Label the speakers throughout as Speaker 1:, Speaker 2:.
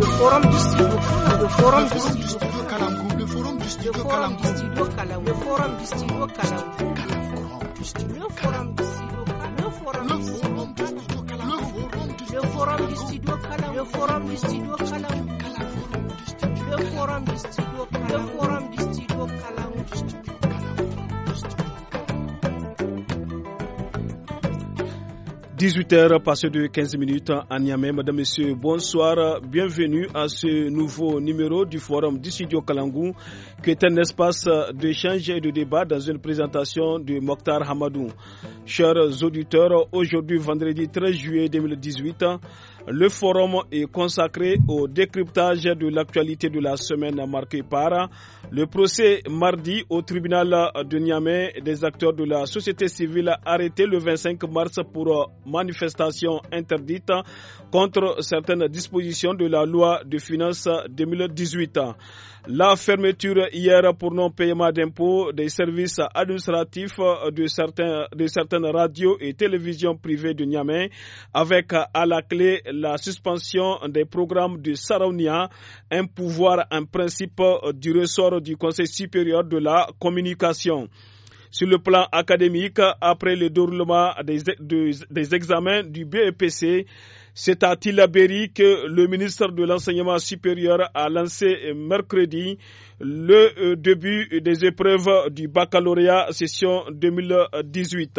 Speaker 1: le forum du studio Kalamgou le forum du studio Kalamgou forum du studio Kalamgou forum du studio Kalamgou forum du studio Kalamgou forum du studio Kalamgou forum du studio Kalamgou forum du studio Kalamgou forum du studio Kalamgou forum du studio
Speaker 2: 18h passé de 15 minutes à Niamey. Madame, Messieurs, bonsoir. Bienvenue à ce nouveau numéro du Forum du Studio Kalangou qui est un espace d'échange et de débat dans une présentation de Mokhtar Hamadou. Chers auditeurs, aujourd'hui vendredi 13 juillet 2018, le forum est consacré au décryptage de l'actualité de la semaine marquée par le procès mardi au tribunal de Niamey des acteurs de la société civile arrêtés le 25 mars pour manifestation interdite contre certaines dispositions de la loi de finances 2018. La fermeture hier pour non-paiement d'impôts des services administratifs de, certaines radios et télévisions privées de Niamey, avec à la clé la suspension des programmes de Saraunia, un pouvoir un principe du ressort du Conseil supérieur de la communication sur le plan académique après le déroulement des examens du BEPC. C'est à Tilaberi que le ministre de l'Enseignement supérieur a lancé mercredi le euh, début des épreuves du baccalauréat session 2018.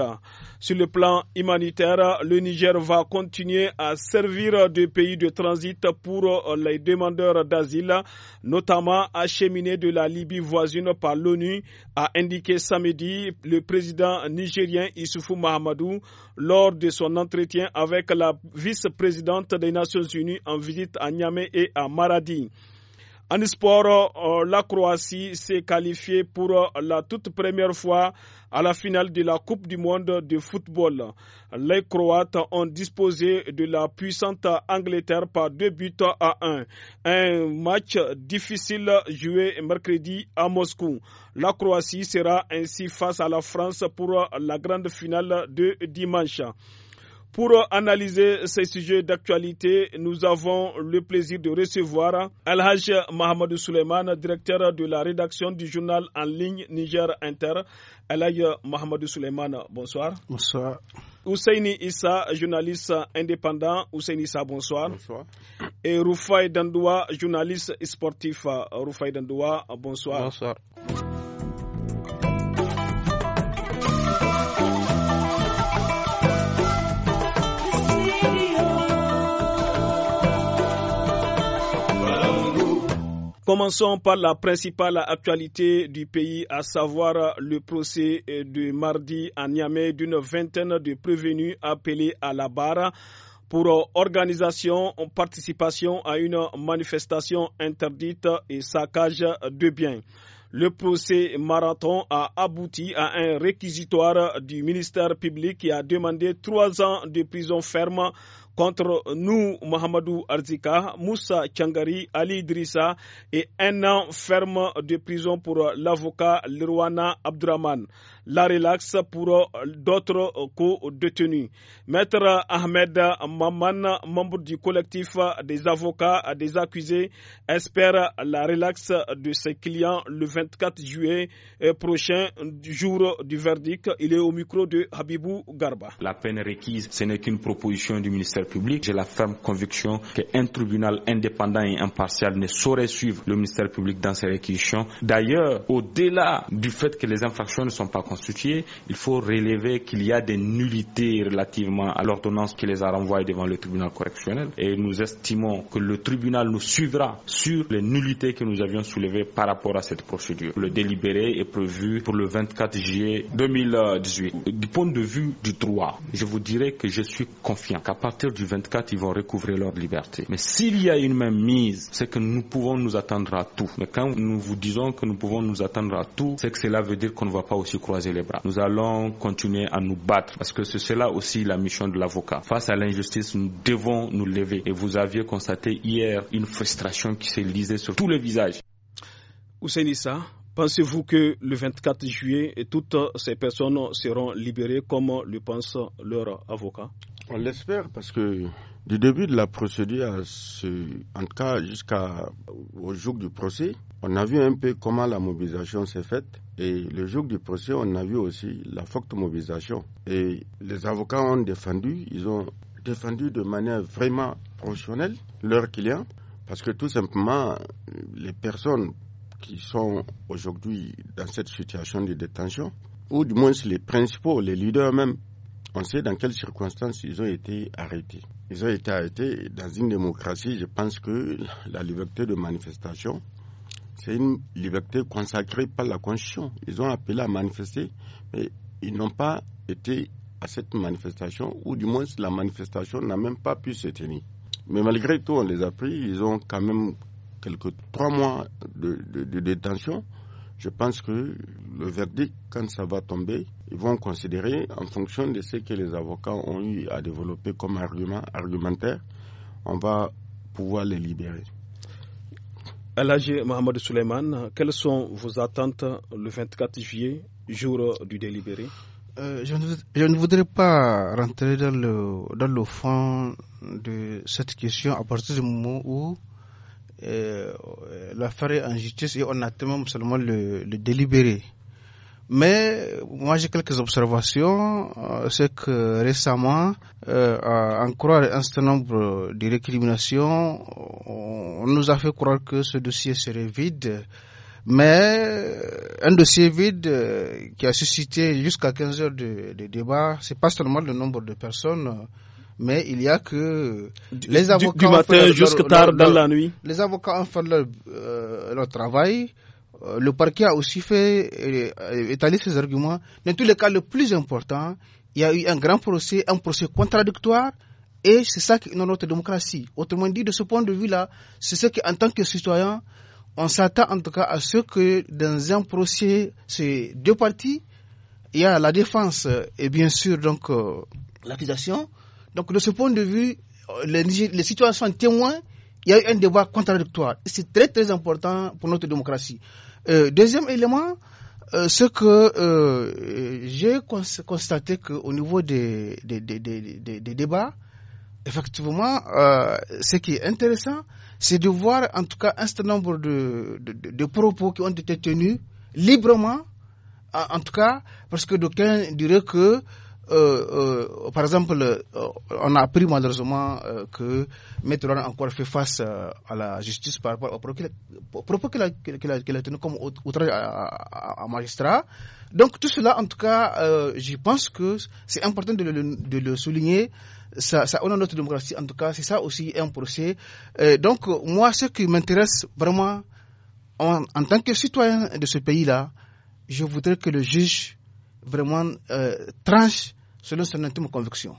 Speaker 2: Sur le plan humanitaire, le Niger va continuer à servir de pays de transit pour euh, les demandeurs d'asile, notamment acheminés de la Libye voisine par l'ONU, a indiqué samedi le président nigérien Issoufou Mahamadou lors de son entretien avec la vice-présidente présidente des Nations Unies en visite à Niamey et à Maradi. En sport, euh, la Croatie s'est qualifiée pour euh, la toute première fois à la finale de la Coupe du monde de football. Les Croates ont disposé de la puissante Angleterre par deux buts à un. Un match difficile joué mercredi à Moscou. La Croatie sera ainsi face à la France pour euh, la grande finale de dimanche. Pour analyser ces sujets d'actualité, nous avons le plaisir de recevoir Alhaj Mohamed Suleiman, directeur de la rédaction du journal en ligne Niger Inter. Alhaj Mohamed Souleiman, bonsoir. Bonsoir. Ousseini Issa, journaliste indépendant. Ousseini Issa, bonsoir. Bonsoir. Et Roufaï Dandoua, journaliste sportif. Roufaï Dandoua, bonsoir. Bonsoir. Commençons par la principale actualité du pays, à savoir le procès de mardi à Niamey d'une vingtaine de prévenus appelés à la barre pour organisation, participation à une manifestation interdite et saccage de biens. Le procès marathon a abouti à un réquisitoire du ministère public qui a demandé trois ans de prison ferme contre nous, Mohamedou Arzika, Moussa Tchangari, Ali Idrissa et un an ferme de prison pour l'avocat Lirwana Abdraman. La relaxe pour d'autres co-détenus. Maître Ahmed Mamman, membre du collectif des avocats des accusés, espère la relaxe de ses clients le 24 juillet prochain, jour du verdict. Il est au micro de Habibou Garba.
Speaker 3: La peine requise, ce n'est qu'une proposition du ministère public. J'ai la ferme conviction qu'un tribunal indépendant et impartial ne saurait suivre le ministère public dans ses réquisitions. D'ailleurs, au-delà du fait que les infractions ne sont pas constituées, il faut relever qu'il y a des nullités relativement à l'ordonnance qui les a renvoyées devant le tribunal correctionnel. Et nous estimons que le tribunal nous suivra sur les nullités que nous avions soulevées par rapport à cette procédure. Le délibéré est prévu pour le 24 juillet 2018. Du point de vue du droit, je vous dirais que je suis confiant qu'à partir du 24, ils vont recouvrir leur liberté. Mais s'il y a une mise c'est que nous pouvons nous attendre à tout. Mais quand nous vous disons que nous pouvons nous attendre à tout, c'est que cela veut dire qu'on ne va pas aussi croiser les bras. Nous allons continuer à nous battre parce que c'est cela aussi la mission de l'avocat. Face à l'injustice, nous devons nous lever. Et vous aviez constaté hier une frustration qui s'est lisait sur tous les visages. Ousenissa,
Speaker 4: Pensez-vous
Speaker 2: que le 24 juillet, toutes ces personnes seront libérées comme le pense leur avocat
Speaker 4: On l'espère parce que du début de la procédure, en jusqu'au jour du procès, on a vu un peu comment la mobilisation s'est faite. Et le jour du procès, on a vu aussi la forte mobilisation. Et les avocats ont défendu, ils ont défendu de manière vraiment professionnelle leurs clients. Parce que tout simplement, les personnes qui sont aujourd'hui dans cette situation de détention, ou du moins les principaux, les leaders même, on sait dans quelles circonstances ils ont été arrêtés. Ils ont été arrêtés dans une démocratie. Je pense que la liberté de manifestation, c'est une liberté consacrée par la Constitution. Ils ont appelé à manifester, mais ils n'ont pas été à cette manifestation, ou du moins la manifestation n'a même pas pu se tenir. Mais malgré tout, on les a pris, ils ont quand même quelques trois mois de, détention, je pense que le verdict, quand ça va tomber, ils vont considérer, en fonction de ce que les avocats ont eu à développer comme argument, argumentaire, on va pouvoir les libérer. Alagé Mohamed Souleiman, quelles sont vos attentes
Speaker 2: le 24 juillet, jour du délibéré euh, je, ne,
Speaker 5: je, ne, voudrais pas rentrer dans le, dans le fond de cette question à partir du moment où euh, l'affaire est en justice et on attend même seulement le, délibérer. délibéré. Mais moi j'ai quelques observations, euh, c'est que récemment, euh, en croire un certain nombre de récriminations, on nous a fait croire que ce dossier serait vide. Mais un dossier vide qui a suscité jusqu'à 15 heures de, de débat, c'est pas seulement le nombre de personnes mais il y a que les avocats. Du, matin jusqu'à tard dans la nuit. Les avocats ont fait leur, travail. Euh, le parquet a aussi fait euh, étaler ses arguments. Dans tous les cas, le plus important, il y a eu un grand procès, un procès contradictoire. Et c'est ça qui est notre démocratie. Autrement dit, de ce point de vue-là, c'est ce qu'en tant que citoyen, on s'attend en tout cas à ce que dans un procès, c'est deux parties. Il y a la défense et bien sûr donc euh, l'accusation. Donc de ce point de vue, euh, les, situations témoins, il y a eu un débat contradictoire. C'est très très important pour notre démocratie. Euh, deuxième élément, euh, ce que j'ai constaté qu'au niveau des, des, débats, effectivement, ce qui est intéressant, c'est de voir en tout cas un certain nombre de, propos qui ont été tenus librement, en, en, tout cas, parce que d'aucuns diraient que euh, euh, par exemple, euh, on a appris malheureusement que Maître a encore fait face à la justice par rapport au propos qu'elle a, tenu comme outrage à, magistrat. Donc tout cela, en tout cas, je pense que c'est important de le, souligner ça, ça honore notre démocratie. En tout cas, c'est ça aussi un procès. donc, moi, ce qui m'intéresse vraiment en, tant que citoyen de ce pays-là, je voudrais que le juge vraiment tranche selon son intime conviction.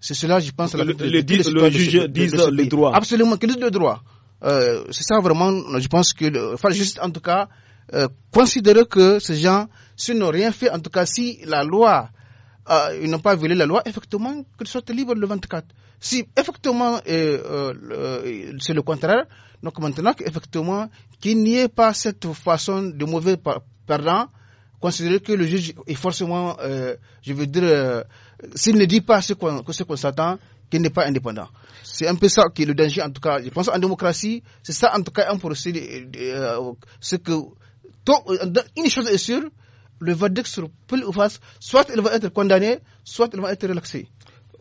Speaker 5: C'est cela, je pense, la le, le, juge dit le droit. Absolument, qu'il dise le droit. Euh, c'est ça vraiment, je pense que, enfin, juste en tout cas, euh, considérer que ces gens, s'ils n'ont rien fait, en tout cas, si la loi, euh, ils n'ont pas violé la loi, effectivement, qu'ils soient libres le 24. Si effectivement c'est le contraire, donc maintenant, effectivement, qu'il n'y ait pas cette façon de mauvais perdant, considérer que le juge est forcément, euh, je veux dire, euh, s'il ne dit pas ce qu'on s'attend, qu'il n'est pas indépendant. C'est un peu ça qui est le danger, en tout cas. Je pense en démocratie, c'est ça, en tout cas, un procès. Euh, que, une
Speaker 2: chose est sûre, le verdict sur pile ou face, soit il va être condamné, soit il va être relaxé.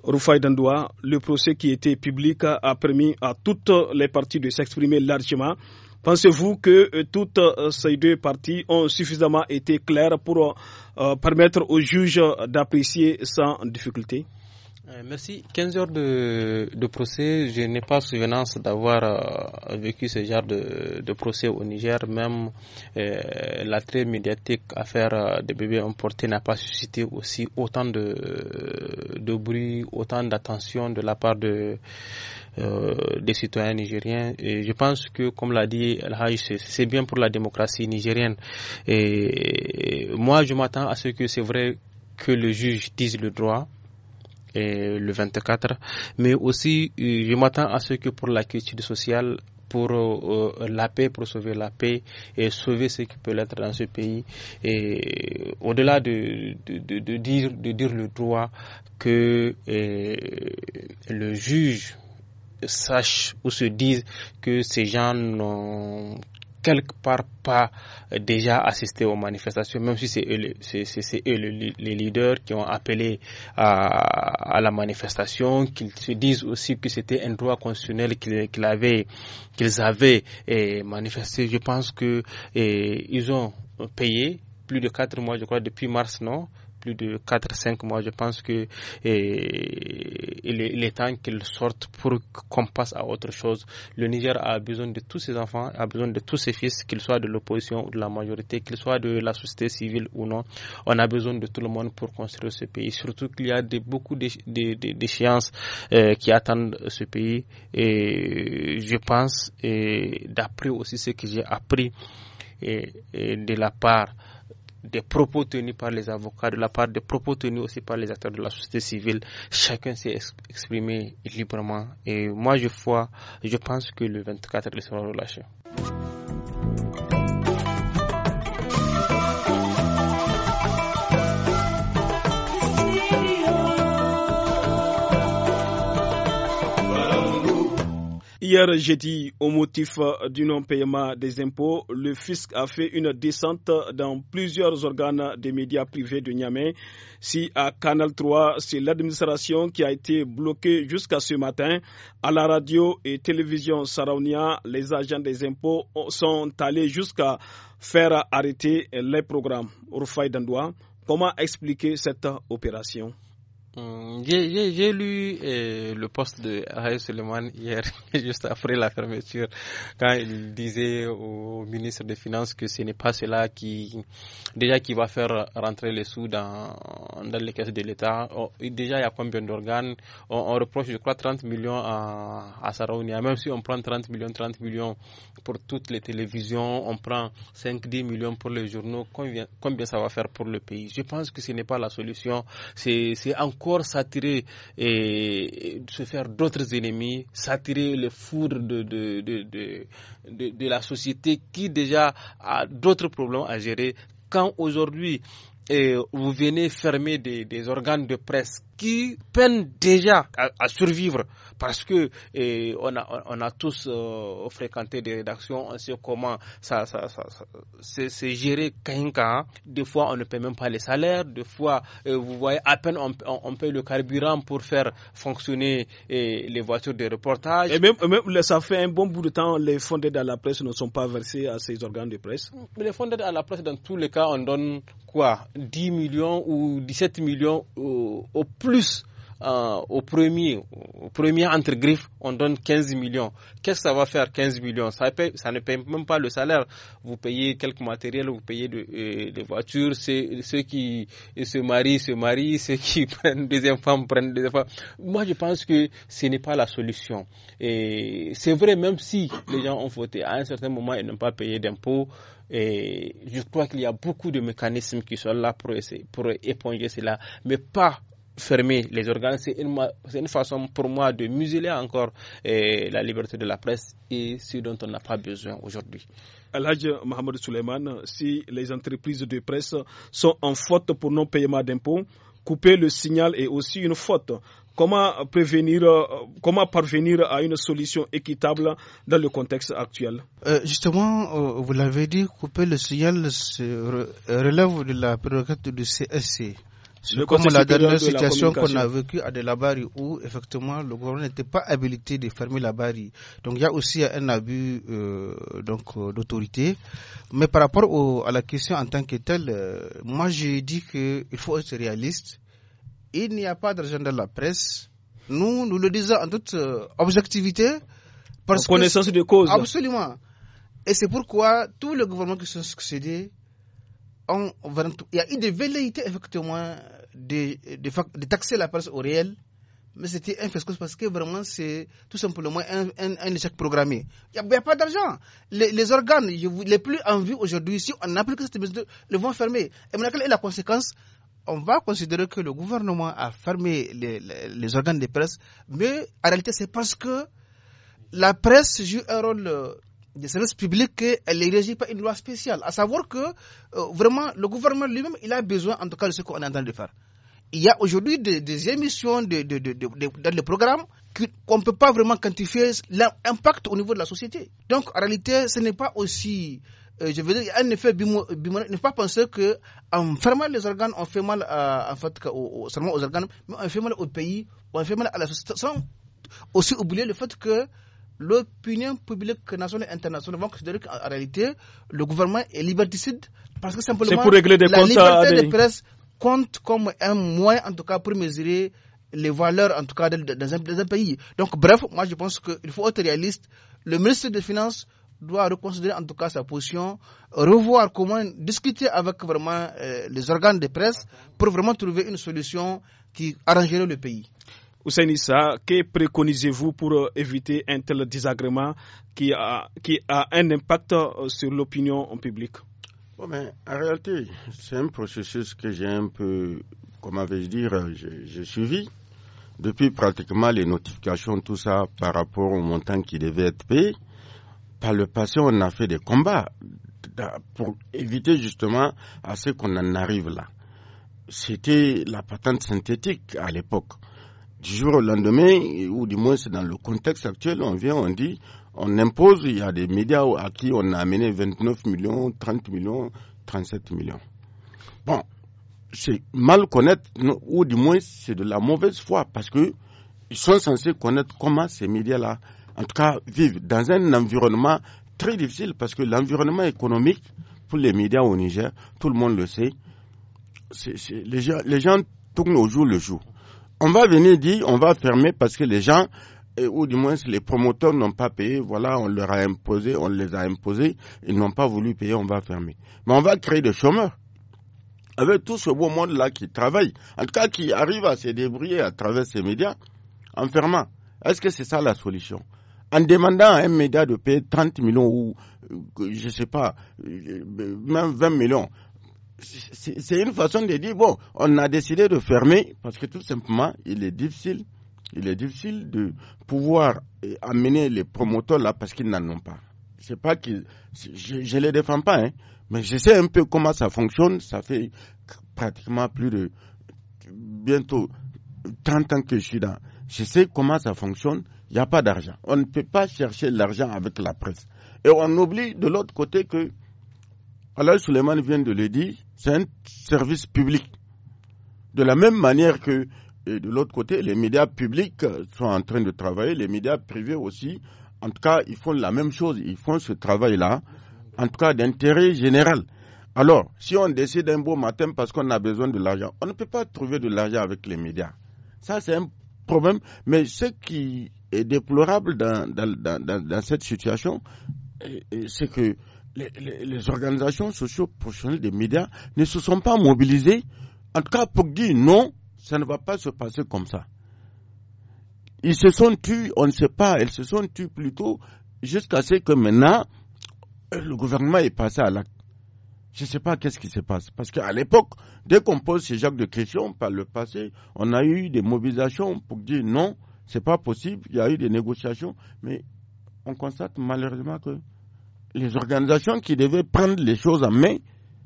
Speaker 2: Rufai Dandoua, le procès qui était public a permis à toutes les parties de s'exprimer largement. Pensez-vous que euh, toutes euh, ces deux parties ont suffisamment été claires pour euh, permettre aux juges d'apprécier sans difficulté
Speaker 1: euh, merci. 15 heures de, procès, je n'ai pas souvenance d'avoir euh, vécu ce genre de, procès au Niger. Même euh, l'attrait médiatique à faire des bébés emportés n'a pas suscité aussi autant de, bruit, autant d'attention de la part de, des citoyens nigériens. Et je pense que, comme l'a dit El Haï, c'est bien pour la démocratie nigérienne. et moi, je m'attends à ce que c'est vrai que le juge dise le droit le 24. Mais aussi, euh, je m'attends à ce que pour la culture sociale, pour euh, euh, la paix, pour sauver la paix et sauver ce qui peut l'être dans ce pays. Et au-delà de, de, dire, de dire le droit que le juge sache ou se dise que ces gens n'ont quelque part pas déjà assisté aux manifestations, même si c'est eux, eux, les leaders qui ont appelé à, la manifestation, qu'ils se disent aussi que c'était un droit constitutionnel qu'ils avaient, qu'ils avaient eh, manifesté. Je pense que eh, ils ont payé plus de quatre mois, je crois, depuis mars, non plus de 4-5 mois, je pense que et, il, est, temps qu'ils sortent pour qu'on passe à autre chose. Le Niger a besoin de tous ses enfants, a besoin de tous ses fils, qu'ils soient de l'opposition ou de la majorité, qu'ils soient de la société civile ou non. On a besoin de tout le monde pour construire ce pays. Surtout qu'il y a de, beaucoup d'échéances euh, qui attendent ce pays. Et je pense, et d'après aussi ce que j'ai appris et de la part des propos tenus par les avocats, de la part des propos tenus aussi par les acteurs de la société civile. Chacun s'est exprimé librement. Et moi, je, crois je pense que le 24, ils seront relâchés.
Speaker 2: Hier jeudi, au motif euh, du non-paiement des impôts, le fisc a fait une descente dans plusieurs organes des médias privés de Niamey. Si à Canal 3, c'est l'administration qui a été bloquée jusqu'à ce matin, à la radio et télévision Saraunia, les agents des impôts sont allés jusqu'à faire arrêter les programmes. Rufai Dandoua, comment expliquer cette opération?
Speaker 1: Mm, j'ai lu euh, le poste de Raïs Suleiman hier, juste après la fermeture, quand il disait au ministre des Finances que ce n'est pas cela qui, déjà, qui va faire rentrer les sous dans, dans les caisses de l'État. Oh, déjà, il y a combien d'organes on, reproche, je crois, 30 millions à, à Même si on prend 30 millions, 30 millions pour toutes les télévisions, on prend 5-10 millions pour les journaux, combien, combien ça va faire pour le pays Je pense que ce n'est pas la solution. C'est encore encore s'attirer et, se faire d'autres ennemis, s'attirer le four de, la société qui déjà a d'autres problèmes à gérer. Quand aujourd'hui eh, vous venez fermer des organes de presse qui peinent déjà à, survivre parce que on, a, on, a, tous euh, fréquenté des rédactions, on sait comment ça, ça, c'est géré cas. Hein. Des fois, on ne paie même pas les salaires. Des fois, euh, vous voyez, à peine on, on, paye le carburant pour faire fonctionner les voitures de reportage. Et même,
Speaker 2: même, ça fait un bon bout de temps, les fonds d'aide à la presse ne sont pas versés à ces organes de presse.
Speaker 1: Mais les fonds d'aide à la presse, dans tous les cas, on donne quoi 10 millions ou 17 millions au plus euh, au premier, au premier entre griffes, on donne 15 millions. Qu'est-ce que ça va faire 15 millions ça, ne paye même pas le salaire. Vous payez quelques matériels, vous payez euh, des voitures, ceux qui se marient se marient, ceux qui prennent des femme, prennent des enfants. Moi, je pense que ce n'est pas la solution. Et c'est vrai, même si les gens ont voté, à un certain moment, et n'ont pas payé d'impôts. Et je crois qu'il y a beaucoup de mécanismes qui sont là pour, pour éponger cela, mais pas fermer les organes, c'est une, une, façon pour moi de museler encore eh, la liberté de la presse et ce dont on n'a pas besoin aujourd'hui. Alhaj Mohamed Souleyman, si les entreprises
Speaker 2: de presse sont en faute pour non-paiement d'impôts, couper le signal est aussi une faute. Comment, prévenir, comment parvenir à une solution équitable dans le contexte actuel
Speaker 5: euh, Justement, euh, vous l'avez dit, couper le signal relève de la prérogative du CSC, comme la dernière situation qu'on a vécue à Delabari où effectivement le gouvernement n'était pas habilité de fermer la barrière. Donc il y a aussi un abus euh, donc euh, d'autorité. Mais par rapport au, à la question en tant que telle, euh, moi j'ai dit qu'il faut être réaliste. Il n'y a pas d'argent dans la presse. Nous, nous le disons en toute objectivité.
Speaker 2: Parce en connaissance des de cause.
Speaker 5: Absolument. Et c'est pourquoi tous les gouvernements qui sont succédés il y a eu des velléités effectivement de, de, taxer la presse au réel, mais c'était un fiasco parce que vraiment c'est tout simplement un, un, échec programmé. Il n'y a, pas d'argent. Les, les, organes les plus en vue aujourd'hui, si on que cette mesure, le vont fermer. Et maintenant, quelle est la conséquence on va considérer que le gouvernement a fermé les, les, les organes de presse, mais en réalité, c'est parce que la presse joue un rôle des services publics, elle est régie par une loi spéciale. À savoir que euh, vraiment le gouvernement lui-même, il a besoin en tout cas de ce qu'on est en train de faire. Il y a aujourd'hui des, émissions dans le programme qu'on ne peut pas vraiment quantifier l'impact au niveau de la société. Donc en réalité, ce n'est pas aussi euh, je veux dire, un effet Ne pas penser que fermant les organes, on fait mal en fait, seulement aux organes, mais on fait mal au pays, on fait mal à la société. Sans aussi oublier le fait que l'opinion publique nationale et internationale vont considérer qu'en réalité, le gouvernement est liberticide parce que simplement la liberté de presse compte comme un moyen, en tout cas, pour mesurer les valeurs, en tout cas, dans un, pays. Donc, bref, moi, je pense qu'il faut être réaliste. Le ministre des Finances doit reconsidérer en tout cas sa position, revoir comment discuter avec vraiment euh, les organes de presse pour vraiment trouver une solution qui arrangerait le pays.
Speaker 2: Hussein Issa, que préconisez-vous pour euh, éviter un tel désagrément qui a, qui a un impact euh, sur l'opinion publique
Speaker 4: bon, En réalité, c'est un processus que j'ai un peu, comment vais-je dire, euh, j'ai suivi depuis pratiquement les notifications, tout ça, par rapport au montant qui devait être payé. Par le passé, on a fait des combats pour éviter justement à ce qu'on en arrive là. C'était la patente synthétique à l'époque du jour au lendemain, ou du moins c'est dans le contexte actuel, on vient, on dit, on impose, il y a des médias à qui on a amené 29 millions, 30 millions, 37 millions. Bon, c'est mal connaître, ou du moins c'est de la mauvaise foi, parce qu'ils sont censés connaître comment ces médias-là, en tout cas, vivent dans un environnement très difficile, parce que l'environnement économique, pour les médias au Niger, tout le monde le sait, les gens tournent au jour le jour on va venir dire, on va fermer parce que les gens, euh, ou du moins les promoteurs n'ont pas payé, voilà, on leur a imposé, on les a imposés, ils n'ont pas voulu payer, on va fermer. Mais on va créer des chômeurs. Avec tout ce beau monde-là qui travaille, en tout cas qui arrive à se débrouiller à travers ces médias, en fermant. Est-ce que c'est ça la solution en demandant à un média de payer 30 millions ou, euh, je ne sais pas, euh, même 20 millions, c'est une façon de dire, bon, on a décidé de fermer parce que tout simplement, il est difficile, il est difficile de pouvoir eh, amener les promoteurs là parce qu'ils n'en ont pas. pas je, ne les défends pas, hein, mais je sais un peu comment ça fonctionne. Ça fait pratiquement plus de bientôt 30 ans que je suis là. Je sais comment ça fonctionne. Il n'y a pas d'argent. On ne peut pas chercher l'argent avec la presse. Et on oublie de l'autre côté que alors, Suleiman vient de le dire, c'est un service public. De la même manière que euh, de l'autre côté, les médias publics euh, sont en train de travailler, les médias privés aussi. En tout cas, ils font la même chose, ils font ce travail-là, en tout cas d'intérêt général. Alors, si on décide un beau matin parce qu'on a besoin de l'argent, on ne peut pas trouver de l'argent avec les médias. Ça, c'est un problème. Mais ce qui est déplorable dans cette situation, euh, c'est que les, organisations socio-professionnelles des médias ne se sont pas mobilisées, en tout cas pour dire non, ça ne va pas se passer comme ça. Ils se sont tués, on ne sait pas, ils se sont tués plutôt jusqu'à ce que maintenant, euh, le gouvernement est passé à l'acte. Je ne sais pas qu'est-ce qui se passe. Parce qu'à l'époque, dès qu'on pose ces jacques de questions par le passé, on a eu des mobilisations pour dire non, c'est pas possible. Il y a eu des négociations, mais on constate malheureusement que les organisations qui devaient prendre les choses en main,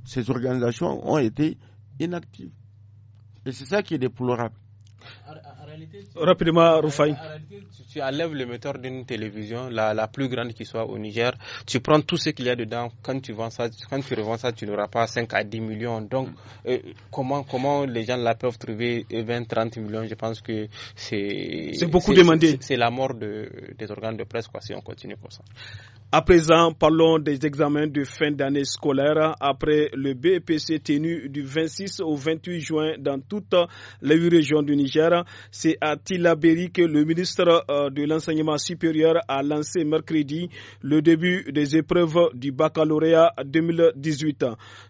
Speaker 4: ces organisations ont été inactives. Et c'est ça qui est déplorable.
Speaker 2: Rapidement,
Speaker 4: Roufaï.
Speaker 1: Tu, tu, enlèves moteur d'une télévision, la, la, plus grande qui soit au Niger. Tu prends tout ce qu'il y a dedans. Quand tu, vends ça, quand tu revends ça, tu n'auras pas 5 à 10 millions. Donc, euh, comment, comment les gens la peuvent trouver 20, euh, 30 millions Je pense que c'est. C'est beaucoup demandé. C'est la mort de, des organes de presse, quoi, si on continue comme ça.
Speaker 2: À présent, parlons des examens de fin d'année scolaire après le BPC e tenu du 26 au 28 juin dans toutes les huit régions du Niger. C'est c'est à Tillabéri que le ministre euh, de l'Enseignement supérieur a lancé mercredi le début des épreuves du baccalauréat 2018.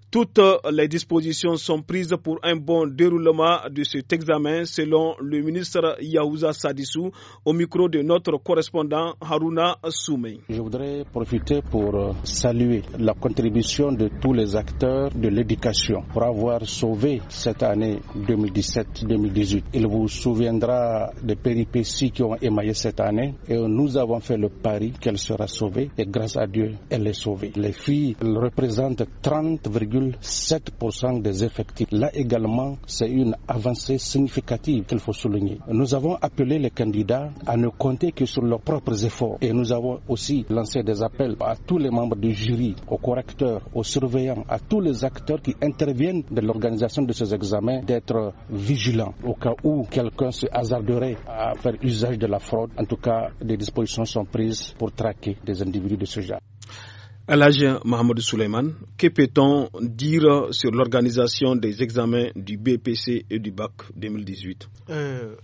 Speaker 2: Toutes euh, les dispositions sont prises pour un bon déroulement de cet examen, selon le ministre Yahouza Sadissou, au micro de notre correspondant Haruna Soumei.
Speaker 1: Je voudrais profiter pour euh, saluer la contribution de tous les acteurs de l'éducation pour avoir sauvé cette année 2017-2018. Il vous souviendra des péripéties qui ont émaillé cette année et nous avons fait le pari qu'elle sera sauvée et grâce à Dieu, elle est sauvée. Les filles représentent 30,5 7% des effectifs. Là également, c'est une avancée significative qu'il faut souligner. Nous avons appelé les candidats à ne compter que sur leurs propres efforts et nous avons aussi lancé des appels à tous les membres du jury, aux correcteurs, aux surveillants, à tous les acteurs qui interviennent dans l'organisation de ces examens d'être vigilants au cas où quelqu'un se hasarderait à faire usage de la fraude. En tout cas, des dispositions sont prises pour traquer des individus de ce genre. Alage Mohamed Souleyman, que peut-on dire sur
Speaker 2: l'organisation des examens du BPC et du BAC 2018
Speaker 5: euh,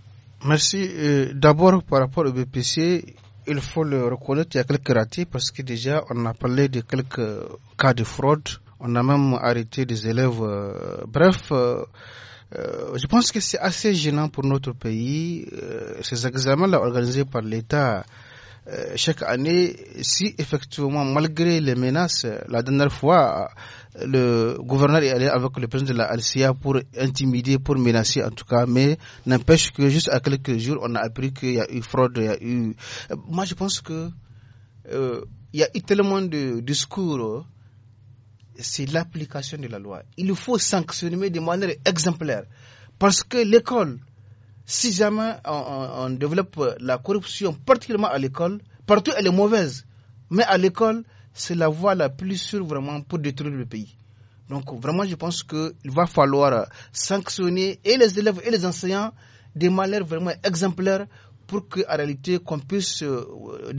Speaker 5: Merci. Euh, d'abord, par rapport au BPC, il faut le reconnaître, il y a quelques ratés parce que déjà, on a parlé de quelques cas de fraude. On a même arrêté des élèves. Euh, bref. je pense que c'est assez gênant pour notre pays. ces examens-là organisés par l'État, euh, chaque année, si effectivement, malgré les menaces, euh, la dernière fois, euh, le gouverneur est allé avec le président de la Alcia pour intimider, pour menacer en tout cas, mais n'empêche que juste à quelques jours, on a appris qu'il y a eu fraude, il y a eu. Moi, je pense que il y a eu tellement de discours. C'est l'application de la loi. Il faut sanctionner de manière exemplaire. Parce que l'école, si jamais on, développe la corruption, particulièrement à l'école, partout elle est mauvaise, mais à l'école, c'est la voie la plus sûre vraiment pour détruire le pays. Donc vraiment, je pense qu'il va falloir euh, sanctionner et les élèves et les enseignants des malheurs vraiment exemplaires pour qu'en réalité, qu'on puisse euh,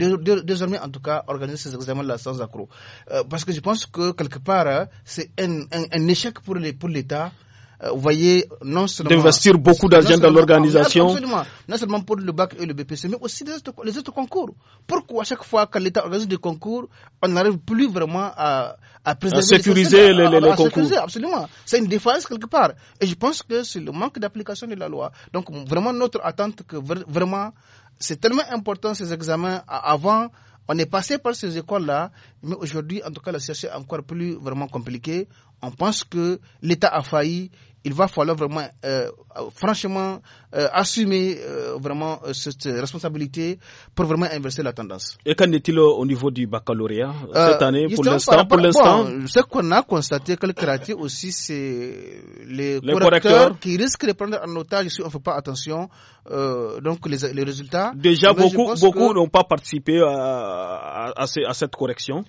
Speaker 5: désormais en tout cas organiser ces examens-là sans accro. Euh, parce que je pense que quelque part, hein, c'est un, échec pour l'État pour euh, vous voyez, non seulement. D'investir beaucoup d'argent dans l'organisation. Absolument. Non seulement pour le bac et le BPC, mais aussi les autres, concours. Pourquoi à chaque fois que l'État organise des concours, on n'arrive plus vraiment à, à préserver. sécuriser les, les, concours. Sécuriser, absolument. C'est une défaillance quelque part. Et je pense que c'est le manque d'application de la loi. Donc, vraiment, notre attente que vraiment, c'est tellement important ces examens avant. On est passé par ces écoles-là, mais aujourd'hui, en tout cas, la situation est encore plus vraiment compliquée on pense que l'État a failli. Il va falloir vraiment, euh, euh, franchement, euh, assumer vraiment cette responsabilité pour vraiment inverser la tendance.
Speaker 2: Et qu'en est-il au niveau du baccalauréat cette année pour l'instant Pour l'instant,
Speaker 5: ce qu'on a constaté, que le ratés aussi,
Speaker 2: c'est les, correcteurs,
Speaker 5: qui risquent de prendre en otage si on ne fait pas attention. donc les, résultats. Déjà, eh ben, beaucoup, beaucoup n'ont
Speaker 2: pas participé à cette correction.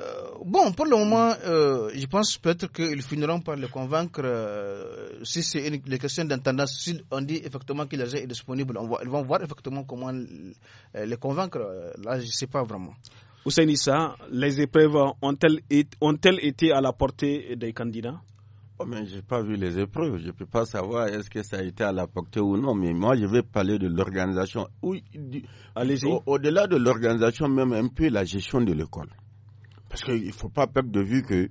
Speaker 5: Euh, bon, pour le moment, euh, je pense peut-être qu'ils finiront par le convaincre euh, si c'est une, question d'intendance. Si on dit effectivement qu'il est disponible,
Speaker 2: ils vont voir effectivement comment les convaincre. Là, je ne sais pas vraiment. Nissa, les épreuves ont-elles, été à la portée des candidats
Speaker 4: oh, je n'ai pas vu les épreuves. Je ne peux pas savoir est-ce que ça a été à la portée ou non. Mais moi, je vais parler de l'organisation. au-delà de l'organisation, même un peu la gestion de l'école. Parce qu'il ne faut pas perdre de vue que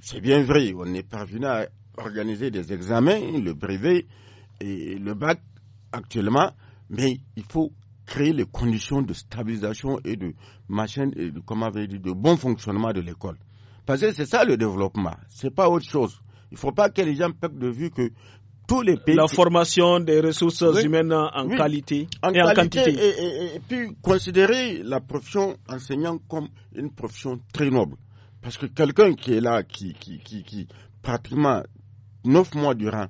Speaker 4: c'est bien vrai, on est parvenu à organiser des examens, le brevet et le bac actuellement, mais il faut créer les conditions de stabilisation et de machine et comment de bon fonctionnement de l'école. Parce que c'est ça le développement, ce n'est pas autre chose. Il ne faut pas que les gens perdent de vue que la formation des ressources humaines en qualité et en quantité. Et, puis considérer la profession enseignant comme une profession très noble. Parce que quelqu'un qui est là, qui, qui, qui, qui pratiquement neuf mois durant,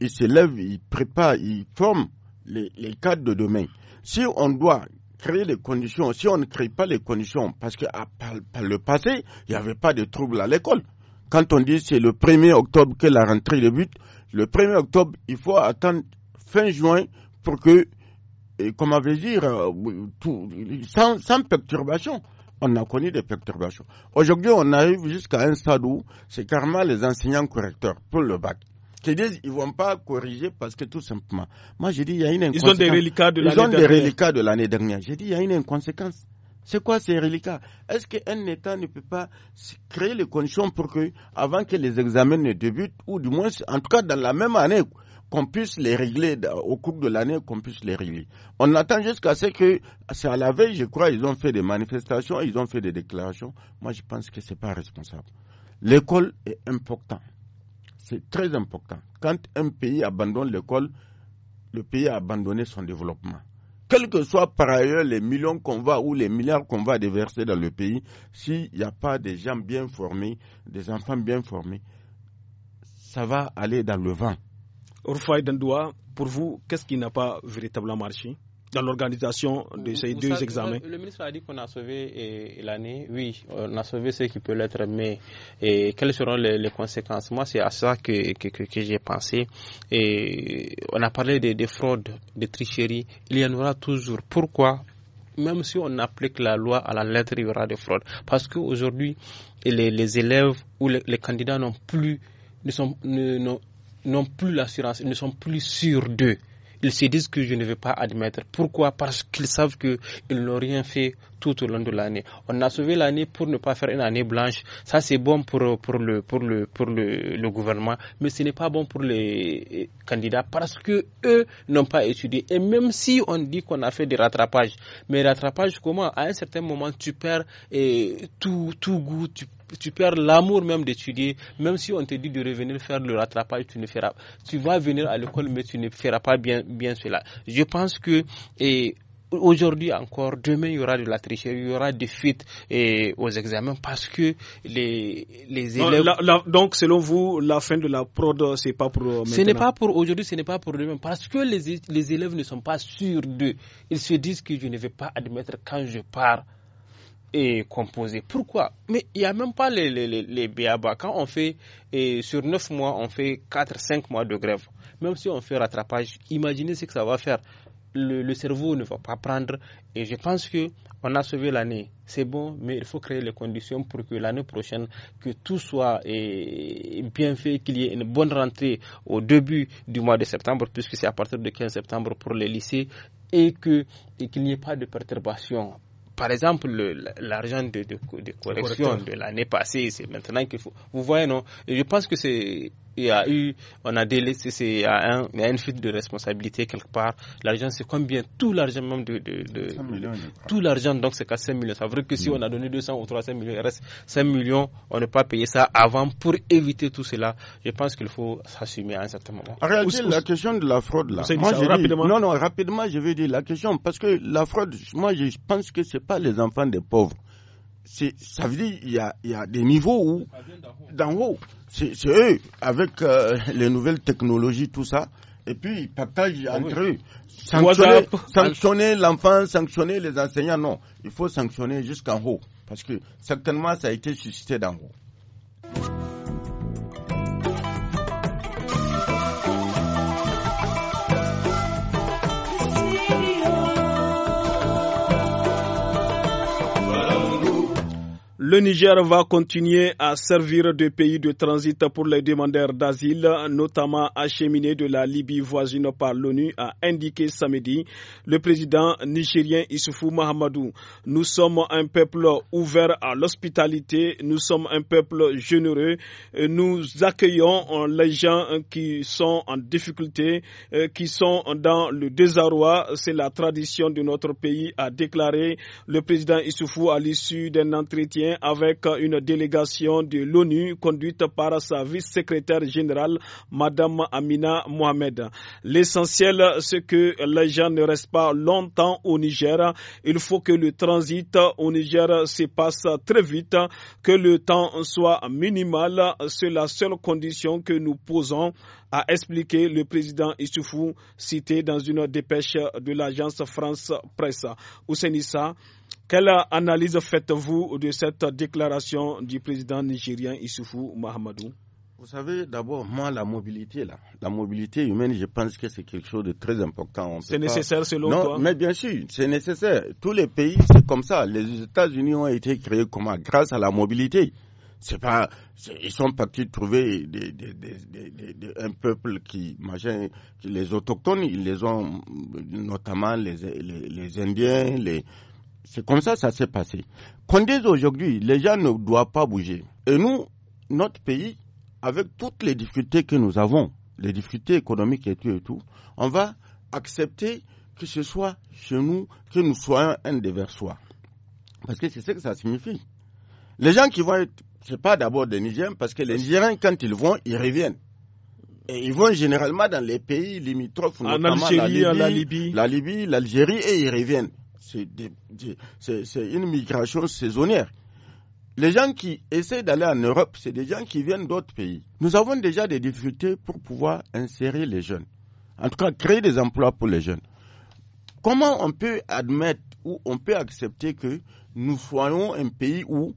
Speaker 4: il s'élève, il prépare, il forme les, les cadres de demain. Si on doit créer les conditions, si on ne crée pas les conditions, parce que ah, par, le passé, il n'y avait pas de troubles à l'école. Quand on dit c'est le 1er octobre que la rentrée débute, le 1er octobre, il faut attendre fin juin pour que, comme on dire, euh, sans, perturbation, on a connu des perturbations. Aujourd'hui, on arrive jusqu'à un stade où c'est carrément les enseignants correcteurs pour le bac. Ils disent ils vont pas corriger parce que tout simplement. Moi, j'ai dit, il y a une inconséquence. Ils ont des reliquats de l'année dernière. des reliquats de l'année dernière. J'ai dit, il y a une inconséquence. C'est quoi ces reliquats Est-ce qu'un État ne peut pas créer les conditions pour que, avant que les examens ne débutent, ou du moins, en tout cas dans la même année, qu'on puisse les régler au cours de l'année, qu'on puisse les régler. On attend jusqu'à ce que, c'est à la veille, je crois, ils ont fait des manifestations, ils ont fait des déclarations. Moi, je pense que ce n'est pas responsable. L'école est importante. C'est très important. Quand un pays abandonne l'école, le pays a abandonné son développement quels que soient par ailleurs les millions qu'on va ou les milliards qu'on va déverser dans le pays, s'il n'y a pas des gens bien formés, des enfants bien formés, ça va aller dans le vent. Orfaï pour vous, qu'est-ce qui n'a pas véritablement
Speaker 2: marché dans l'organisation de ces deux examens.
Speaker 1: Le ministre a dit qu'on a sauvé eh, l'année. Oui, on a sauvé ce qui peut l'être, mais et eh, quelles seront les, conséquences Moi, c'est à ça que, j'ai pensé. Et on a parlé des fraudes, des tricheries. Il y en aura toujours. Pourquoi même si on applique la loi à la lettre, il y aura des fraudes. Parce qu'aujourd'hui, les, les, élèves ou les, candidats n'ont plus, n'ont, plus l'assurance, ils ne sont plus sûrs d'eux ils se disent que je ne vais pas admettre. Pourquoi Parce qu'ils savent que ils n'ont rien fait tout au long de l'année. On a sauvé l'année pour ne pas faire une année blanche. Ça, c'est bon pour, pour, le, pour, le, pour le, gouvernement, mais ce n'est pas bon pour les euh, candidats parce que eux n'ont pas étudié. Et même si on dit qu'on a fait des rattrapages, mais rattrapage comment À un certain moment, tu perds et tout, tout goût, tu perds l'amour même d'étudier. Même si on te dit de revenir faire le rattrapage, tu ne feras. Tu vas venir à l'école, mais tu ne feras pas bien, bien cela. Je pense que et aujourd'hui encore, demain, il y aura de la tricherie, il y aura des fuites et, aux examens parce que les, les élèves. donc, selon
Speaker 2: vous, la fin de la prod, c'est pas pour. Euh, ce n'est pas
Speaker 1: pour aujourd'hui, ce n'est pas pour demain parce que les, les élèves ne sont pas sûrs d'eux. Ils se disent que je ne vais pas admettre quand je pars et composé. Pourquoi Mais il n'y a même pas les, les, les, BABA. Quand on fait, et sur 9 mois, on fait 4-5 mois de grève. Même si on fait rattrapage, imaginez ce que ça va faire. Le, cerveau ne va pas prendre. Et je pense que on a sauvé l'année. C'est bon, mais il faut créer les conditions pour que l'année prochaine, que tout soit bien fait, qu'il y ait une bonne rentrée au début du mois de septembre, puisque c'est à partir du 15 septembre pour les lycées, et qu'il n'y ait pas de perturbations par exemple, l'argent de, de, de, correction de l'année passée, c'est maintenant qu'il faut. Vous voyez, non Je pense que c'est il y a eu, on a délaissé, c'est à un, une fuite de responsabilité quelque part. L'argent, c'est combien Tout l'argent même de, millions, tout l'argent, donc c'est 5 millions. Ça veut dire que si mm. on a donné 200 ou 300 millions, il reste 5 millions, on n'a pas payé ça avant pour éviter tout cela. Je pense qu'il faut s'assumer à un certain moment. la
Speaker 4: question de la fraude là. Moi, je rapidement. non, non, rapidement, je vais dire la question parce que la fraude, moi, je pense que ce n'est pas les enfants des pauvres ça veut dire il y a, des niveaux où, d'en haut, c'est eux, avec euh, les nouvelles technologies, tout ça, et puis ils partagent ah entre eux. Sanctionner, sanctionner l'enfant, sanctionner les enseignants, non. Il faut sanctionner jusqu'en haut, parce que certainement ça a été suscité d'en haut.
Speaker 2: Le Niger va continuer à servir de pays de transit pour les demandeurs d'asile, notamment acheminés de la Libye voisine par l'ONU, a indiqué samedi le président nigérien Issoufou Mahamadou. Nous sommes un peuple ouvert à l'hospitalité, nous sommes un peuple généreux, nous accueillons les gens qui sont en difficulté, euh, qui sont dans le désarroi. C'est la tradition de notre pays, a déclaré le président Issoufou à l'issue d'un entretien avec une délégation de l'ONU conduite par sa vice-secrétaire générale, Madame Amina Mohamed. L'essentiel, c'est que les gens ne restent pas longtemps au Niger. Il faut que le transit au Niger se passe très vite, que le temps soit minimal. C'est la seule condition que nous posons a expliqué le président Issoufou, cité dans une dépêche de l'agence France Presse. Ousenissa, quelle analyse faites-vous de cette déclaration du président nigérien Issoufou Mahamadou
Speaker 4: Vous savez, d'abord, moi, la mobilité, là, la mobilité humaine, je pense que c'est quelque chose de très important. C'est nécessaire selon selon non, Mais bien sûr, c'est nécessaire. Tous les pays, c'est comme ça. Les États-Unis ont été créés comment Grâce à la mobilité c'est pas ils sont partis trouver des, un peuple qui, les autochtones ils les ont notamment les indiens les c'est comme ça que ça s'est passé. Qu'on dise aujourd'hui, les gens ne doivent pas bouger. Et nous, notre pays, avec toutes les difficultés que nous avons, les difficultés économiques et tout et tout, on va accepter que ce soit chez nous, que nous soyons un déversoir. Parce que c'est ce que ça signifie. Les gens qui vont être, c'est pas d'abord des Nigériens, parce que les Nigériens, quand ils vont, ils reviennent. Et ils vont généralement dans les pays limitrophes, notamment la, Libye, la Libye, l'Algérie, et ils reviennent. C'est une migration saisonnière. Les gens qui essaient d'aller en Europe, c'est des gens qui viennent d'autres pays. Nous avons déjà des difficultés pour pouvoir insérer les jeunes. En tout cas, créer des emplois pour les jeunes. Comment on peut admettre ou on peut accepter que nous soyons un pays où,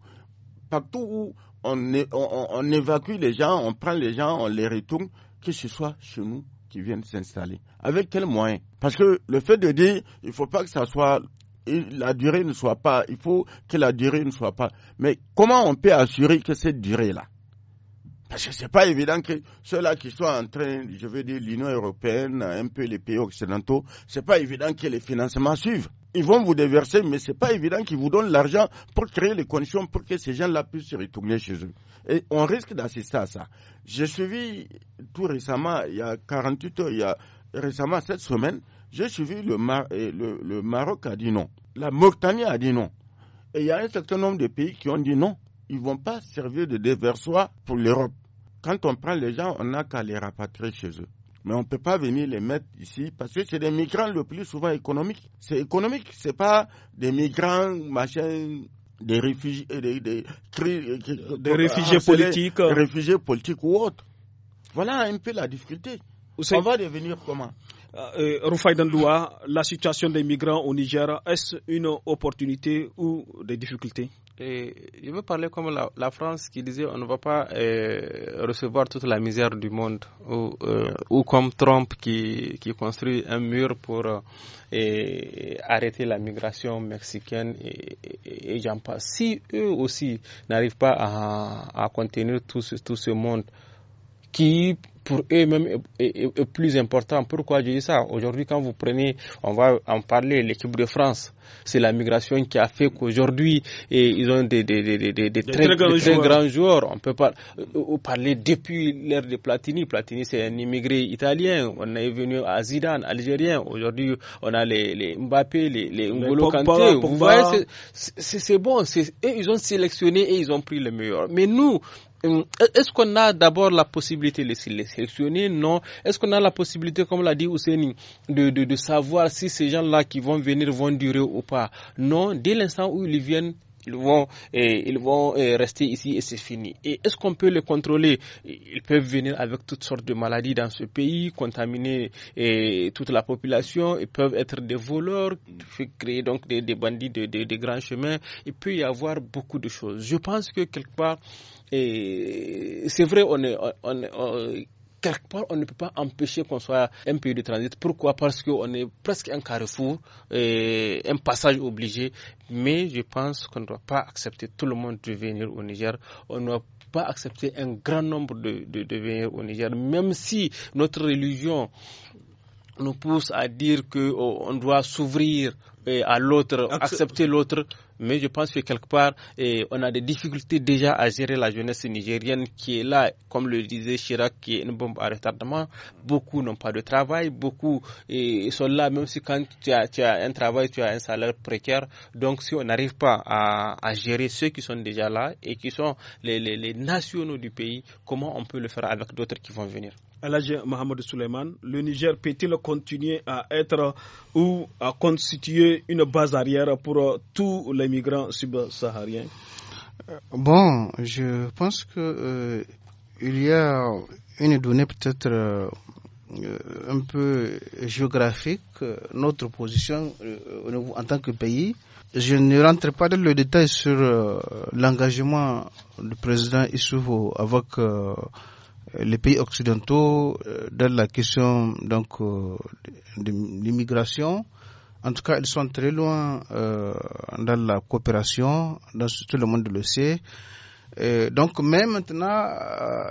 Speaker 4: partout où on, évacue les gens, on prend les gens, on les retourne, que ce soit chez nous qui viennent s'installer. Avec quels moyens Parce que le fait de dire, il ne faut pas que ça soit la durée ne soit pas, il faut que la durée ne soit pas. Mais comment on peut assurer que cette durée-là Parce que c'est pas évident que ceux-là qui sont en train, je veux dire l'Union européenne, un peu les pays occidentaux, n'est pas évident que les financements suivent. Ils vont vous déverser, mais ce n'est pas évident qu'ils vous donnent l'argent pour créer les conditions pour que ces gens-là puissent se retourner chez eux. Et on risque d'assister à ça. J'ai suivi tout récemment, il y a 48 heures, il y a récemment cette semaine, j'ai suivi le, le, Maroc a dit non. La Mauritanie a dit non. Et il y a un certain nombre de pays qui ont dit non. Ils ne vont pas servir de déversoir pour l'Europe. Quand on prend les gens, on n'a qu'à les rapatrier chez eux. Mais on ne peut pas venir les mettre ici parce que c'est des migrants le plus souvent économiques. C'est économique, ce n'est pas des migrants, machin, des euh, euh, euh, réfugiés, des, réfugiés politiques. Réfugiés politiques ou autres. Voilà un peu la difficulté. On va devenir comment euh, euh, Rufai la
Speaker 2: situation des migrants au Niger, est-ce une opportunité ou des difficultés
Speaker 1: et Je veux parler comme la, France qui disait on ne va pas euh, recevoir toute la misère du monde, ou, euh, ou comme Trump qui, qui, construit un mur pour arrêter la migration mexicaine et, et j'en passe. Si eux aussi n'arrivent pas à, à contenir tout ce, tout ce monde, qui pour eux-mêmes est, plus important. Pourquoi je dis ça Aujourd'hui, quand vous prenez, on va en parler, l'équipe de France, c'est la migration qui a fait qu'aujourd'hui, ils ont des, des, des, des, des très, très, grands joueurs. On peut euh, euh, parler depuis l'ère de Platini. Platini, c'est un immigré italien. On est venu à Zidane, algérien. Aujourd'hui, on a les, les, Mbappé, les, les N'Golo Kanté. Vous voyez, c'est bon. Et ils ont sélectionné et ils ont pris le meilleur. Mais nous, euh, est-ce qu'on a d'abord la possibilité de les sélectionner Non. Est-ce qu'on a la possibilité, comme l'a dit Ouseni, de, de, de savoir si ces gens-là qui vont venir vont durer ou pas Non. Dès l'instant où ils viennent, ils vont, et, ils vont rester ici et c'est fini. Et est-ce qu'on peut les contrôler Ils peuvent venir avec toutes sortes de maladies dans ce pays, contaminer et, toute la population, ils peuvent être des voleurs, créer donc des, bandits de, grands chemins. Il peut y avoir beaucoup de choses. Je pense que quelque part, et c'est vrai, on est, on, on ne peut pas empêcher qu'on soit un pays de transit. Pourquoi Parce qu'on est presque un carrefour, un passage obligé. Mais je pense qu'on ne doit pas accepter tout le monde de venir au Niger. On ne doit pas accepter un grand nombre de, de, venir au Niger, même si notre religion nous pousse à dire qu'on oh, doit s'ouvrir à l'autre, accepter l'autre. Mais je pense que quelque part, eh, on a des difficultés déjà à gérer la jeunesse nigérienne qui est là, comme le disait Chirac, qui est une bombe à retardement. Beaucoup n'ont pas de travail, beaucoup eh, sont là, même si quand tu as, un travail, tu as un salaire précaire. Donc si on n'arrive pas à, gérer ceux qui sont déjà là et qui sont les nationaux du pays, comment on peut le faire avec d'autres qui vont venir
Speaker 2: Alage Mohamed Suleiman, le Niger peut-il continuer à être ou à constituer une base arrière pour euh, tous les migrants subsahariens
Speaker 5: euh, Bon, je pense que euh, il y a une donnée peut-être un peu géographique, notre position en tant que pays. Je ne rentre pas dans le détail sur l'engagement du président Issouvo avec euh, les pays occidentaux euh, dans la question donc euh, de l'immigration. En tout cas, ils sont très loin dans la coopération, dans tout le monde le sait. donc, mais maintenant,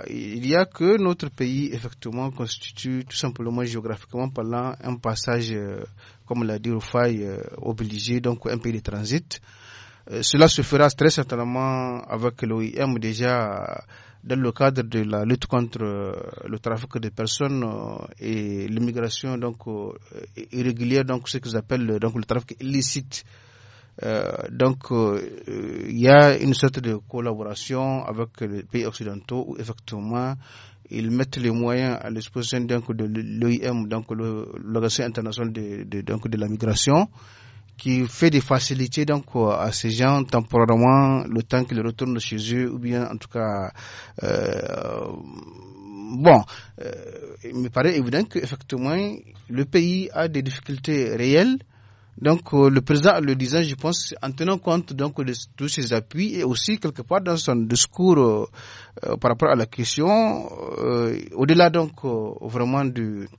Speaker 5: il y a que notre pays, effectivement, constitue tout simplement géographiquement parlant un passage, comme l'a dit Rufai, obligé, donc un pays de transit. cela se fera très certainement avec l'OIM déjà dans le cadre de la lutte contre euh, le trafic de personnes euh, et l'immigration donc euh, irrégulière, donc ce que appellent donc le trafic illicite. donc, il y a une sorte de collaboration avec les pays occidentaux où effectivement ils mettent les moyens à l'exposition donc de l'OIM, donc l'Organisation internationale de, de, donc de la migration qui fait des facilités donc euh, à ces gens temporairement le temps qu'ils retournent chez eux ou bien en tout cas euh, bon euh, il me paraît évident qu'effectivement le pays a des difficultés réelles donc le président le disant je pense en tenant compte donc de tous ses appuis et aussi quelque part dans son discours par rapport à la question au-delà donc vraiment du,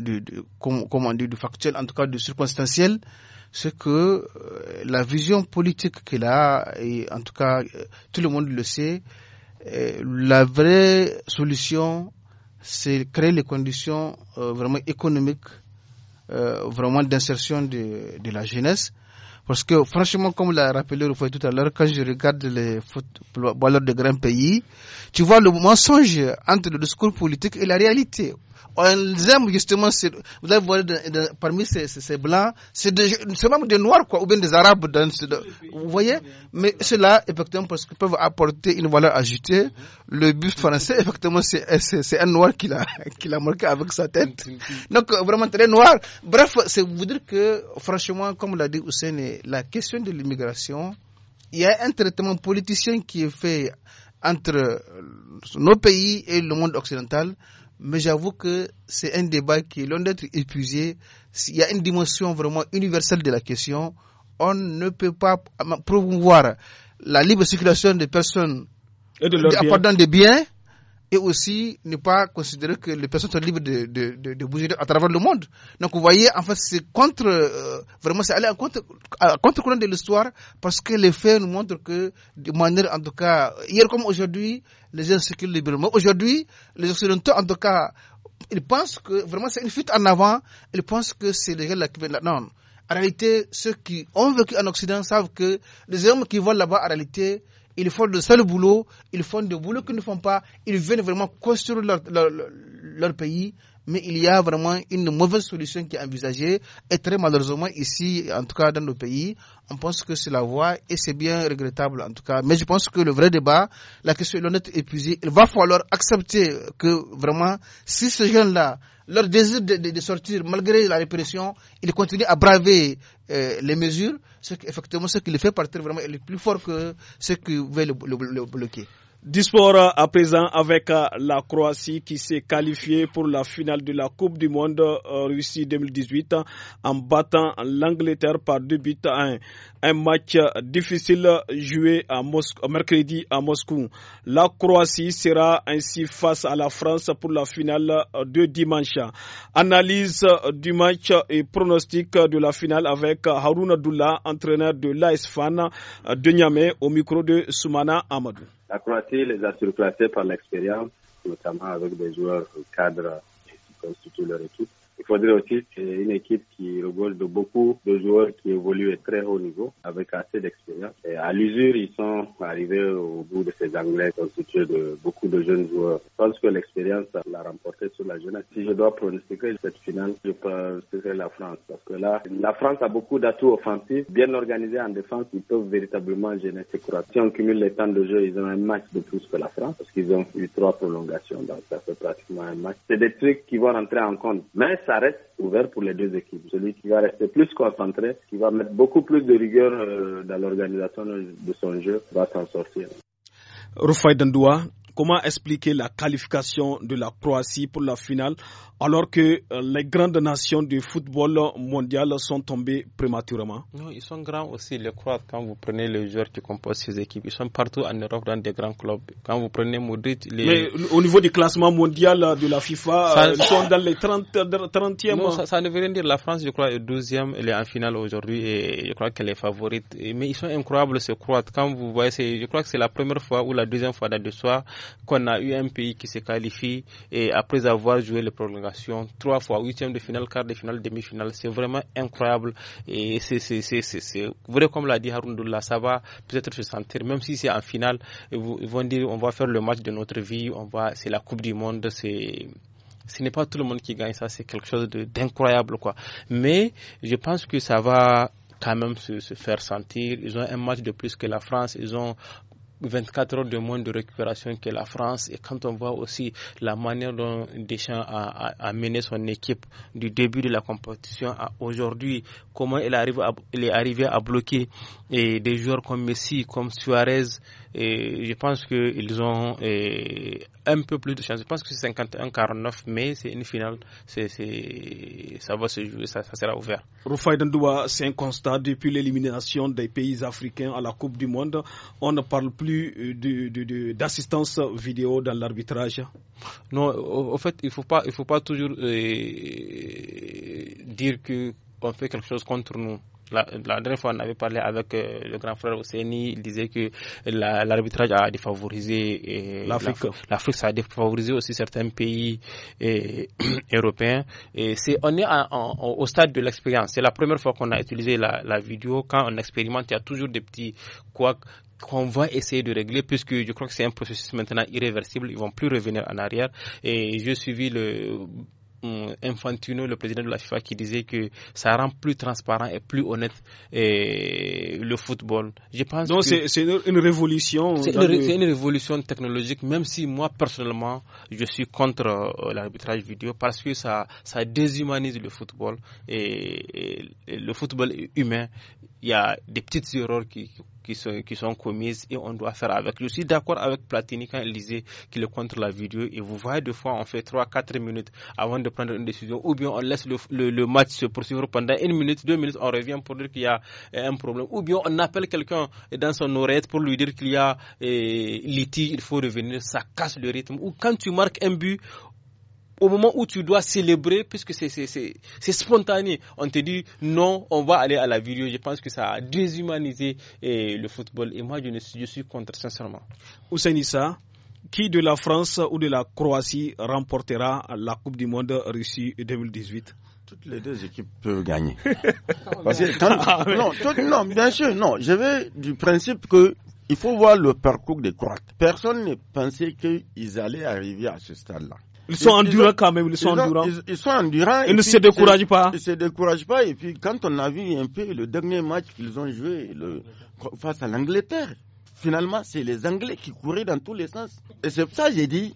Speaker 5: du, comment, dire, du factuel en tout cas du circonstanciel c'est que euh, la vision politique qu'il a, et en tout cas euh, tout le monde le sait, euh, la vraie solution, c'est créer les conditions vraiment économiques, vraiment d'insertion de, de, la jeunesse parce que franchement, comme l'a rappelé Rufai tout à l'heure, quand je regarde les footballeurs de grands pays, tu vois le mensonge entre le discours politique et la réalité. On aime justement, vous allez voir parmi ces, blancs, c'est même des noirs quoi, ou bien des arabes. Dans, vous voyez Mais cela, effectivement, parce qu'ils peuvent apporter une valeur ajoutée. Le but français, effectivement, c'est un noir qui l'a marqué avec sa tête. Donc, vraiment très noir. Bref, c'est vous dire que, franchement, comme l'a dit Hussein la question de l'immigration, il y a un traitement politicien qui est fait entre euh, nos pays et le monde occidental, mais j'avoue que c'est un débat qui est loin d'être épuisé. Il y a une dimension vraiment universelle de la question. On ne peut pas promouvoir la libre circulation des personnes
Speaker 2: et de leurs
Speaker 5: biens et aussi ne pas considérer que les personnes sont libres de, de, de, de bouger à travers le monde. Donc vous voyez, en fait, c'est contre, euh, vraiment, c'est aller à contre, à contre courant de l'histoire parce que les faits nous montrent que, de manière, en tout cas, hier comme aujourd'hui, les gens circulent librement. Aujourd'hui, les Occidentaux, en tout cas, ils pensent que vraiment c'est une fuite en avant. Ils pensent que c'est les gens qui viennent là. Non. En réalité, ceux qui ont vécu en Occident savent que les hommes qui vont là-bas, en réalité, ils font de sale boulot, ils font des boulots qu'ils ne font pas, ils viennent vraiment construire leur pays mais il y a vraiment une mauvaise solution qui est envisagée. Et très malheureusement, ici, en tout cas dans nos pays, on pense que c'est la voie et c'est bien regrettable en tout cas. Mais je pense que le vrai débat, la question de l'honnête épuisée, il va falloir accepter que vraiment, si ces jeunes-là, leur désir de, sortir, malgré la répression, ils continuent à braver euh, les mesures, ce effectivement, ce qui les fait partir vraiment est plus fort que ce qui
Speaker 2: veut le bloquer. Du à présent avec euh, la Croatie qui s'est qualifiée pour la finale de la Coupe du Monde euh, Russie 2018 en battant l'Angleterre par deux buts à 1. Un match euh, difficile joué mercredi à Moscou. La Croatie sera ainsi face à la France pour la finale de dimanche. Analyse du match et pronostic de la finale avec Haroun Abdullah, entraîneur de l'AS de Niamey au micro de Soumana Amadou.
Speaker 3: La Croatie les a surclassés par l'expérience, notamment avec des joueurs cadres qui constituent leur équipe. Il faudrait aussi c'est une équipe qui regorge de beaucoup de joueurs qui évoluent à très haut niveau avec assez d'expérience. Et à l'usure, ils sont arrivés au bout de ces Anglais constitués de beaucoup de jeunes joueurs. Je pense que l'expérience l'a remporté sur la jeunesse. Si je dois pronostiquer cette finale, je pronostiquerai la France parce que là, la France a beaucoup d'atouts offensifs. Bien organisés en défense, ils peuvent véritablement gêner ces Croates. Si on cumule les temps de jeu, ils ont un match de plus que la France parce qu'ils ont eu trois prolongations. Donc ça fait pratiquement un match. C'est des trucs qui vont rentrer en compte. Mais ça reste ouvert pour les deux équipes. Celui qui va rester plus concentré, qui va mettre beaucoup plus de rigueur euh, dans l'organisation de son jeu, va s'en sortir.
Speaker 2: Rufai Comment expliquer la qualification de la Croatie pour la finale alors que euh, les grandes nations du football mondial sont tombées prématurément
Speaker 1: Non, ils sont grands aussi. Les Croates, quand vous prenez les joueurs qui composent ces équipes, ils sont partout en Europe dans des grands clubs. Quand vous prenez Modric, les... Mais au niveau
Speaker 2: du classement mondial de la FIFA, euh, ils sont dans
Speaker 1: les 30, e Non, ça, ne veut rien dire. La France, je crois, est 12e. Elle est en finale aujourd'hui et je crois qu'elle est favorite. Mais ils sont incroyables, ces Croates. Quand vous voyez, je crois que c'est la première fois ou la deuxième fois dans le soir qu'on a eu un pays qui se qualifie et après avoir joué les prolongations trois fois, huitième de finale, quart de finale, demi-finale. C'est vraiment incroyable et c'est vrai comme l'a dit Haroundoula, ça va peut-être se sentir, même si c'est en finale, ils vont dire on va faire le match de notre vie, on va, c'est la Coupe du Monde, c'est ce n'est pas tout le monde qui gagne ça, c'est quelque chose d'incroyable quoi. Mais je pense que ça va quand même se, faire sentir. Ils ont un match de plus que la France, ils ont 24 heures de moins de récupération que la France. Et quand on voit aussi la manière dont Deschamps a, a, mené son équipe du début de la compétition à aujourd'hui, comment il, arrive à, est arrivé à bloquer eh, des joueurs comme Messi, comme Suarez, et eh, je pense qu'ils ont eh, un peu plus de chance. Je pense que c'est 51-49, mais c'est une finale. C'est, ça va se jouer, ça, sera ouvert.
Speaker 2: Rufai c'est un constat depuis l'élimination des pays africains à la Coupe du Monde. On ne parle plus euh, d'assistance vidéo dans l'arbitrage
Speaker 1: Non, en fait, il ne faut, pas, il faut pas toujours euh, dire qu'on fait quelque chose contre nous. La, dernière fois, on avait parlé avec euh, le grand frère Oseni, il disait que l'arbitrage a défavorisé l'Afrique. L'Afrique, ça a défavorisé aussi certains pays et, européens. Et c'est on est au stade de l'expérience. C'est la première fois qu'on a utilisé la, vidéo. Quand on expérimente, il y a toujours des petits quoi qu'on va essayer de régler puisque je crois que c'est un processus maintenant irréversible, ils vont plus revenir en arrière. Et j'ai suivi le euh, Infantino, le président de la FIFA, qui disait que ça rend plus transparent et plus honnête et euh, le football. Je pense Donc c'est
Speaker 2: une révolution. C'est une,
Speaker 1: révolution technologique, même si moi personnellement je suis contre euh, l'arbitrage vidéo parce que ça, ça déshumanise le football et le football humain. Il y a des petites erreurs qui, qui sont, qui sont commises et on doit faire avec. Je suis d'accord avec Platini quand il disait qu'il est contre la vidéo et vous voyez deux fois on fait trois quatre minutes avant de prendre une décision ou bien on laisse le, match se poursuivre pendant une minute, deux minutes, on revient pour dire qu'il y a euh, un problème ou bien on appelle quelqu'un dans son oreille pour lui dire qu'il y a euh, litige, il faut revenir, ça casse le rythme ou quand tu marques un but, au moment où tu dois célébrer, puisque c'est spontané, on te dit non, on va aller à la vidéo. Je pense que ça a déshumanisé eh, le football. Et moi, je, ne suis, suis contre, sincèrement. Nissa, qui de la France ou de la Croatie remportera
Speaker 2: la Coupe du Monde Russie 2018 toutes les deux équipes
Speaker 4: peuvent gagner. Ah non, bien sûr, non. Je vais du principe que il faut voir le parcours des Croates. Personne ne pensait qu'ils allaient arriver à ce stade-là. Ils sont endurants
Speaker 2: quand même, ils sont endurants. Ils, sont ne se découragent
Speaker 4: pas. Ils ne se découragent pas. Et puis, quand on a vu un peu le dernier match qu'ils ont joué face à l'Angleterre, finalement, c'est les Anglais qui couraient dans tous les sens. Et c'est pour ça que j'ai dit,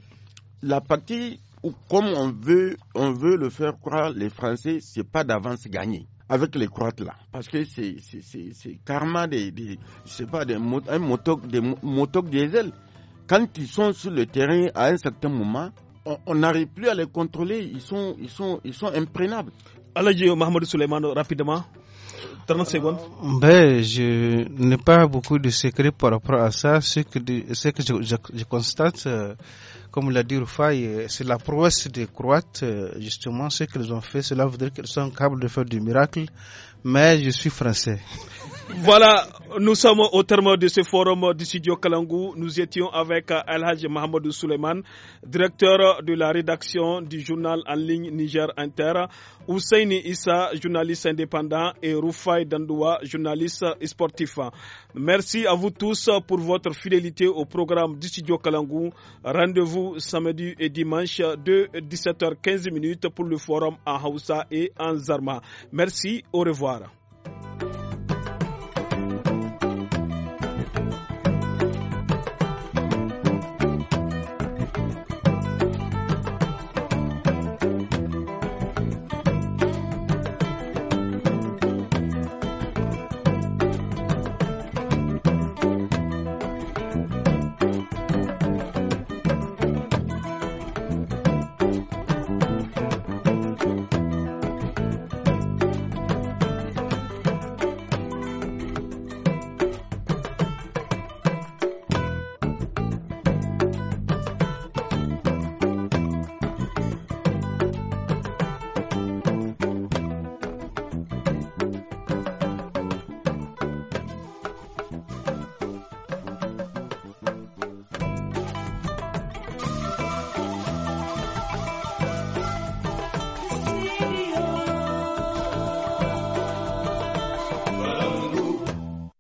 Speaker 4: la partie où, comme on veut, on veut le faire croire, les Français, c'est pas d'avance gagnée avec les Croates là. Parce que c'est karma des, des je sais pas, des, diesel. Quand ils sont sur le terrain à un certain moment, on n'arrive plus à les contrôler, ils sont, ils sont, ils sont imprenables. Mohamed Souleymane, rapidement.
Speaker 2: 30 euh, secondes.
Speaker 5: Ben, je n'ai pas beaucoup de secrets par rapport à ça. Ce que, je, constate, euh, comme l'a dit Rufai, euh, c'est la prouesse des Croates, justement, ce qu'ils ont fait. Cela veut dire qu'ils sont capables de faire du miracle. Mais je suis français.
Speaker 2: Voilà, nous sommes au terme de ce forum du studio Kalangou. Nous étions avec Alhaj euh, Mohamed Suleiman, directeur de la rédaction du journal en ligne Niger Inter, Husseini Issa, journaliste indépendant, et Rufai Dandoua, journaliste sportif. Merci à vous tous pour votre fidélité au programme du studio Kalangou. Rendez-vous samedi et dimanche de 17h15 pour le forum en Hausa et en Zarma. Merci, au revoir.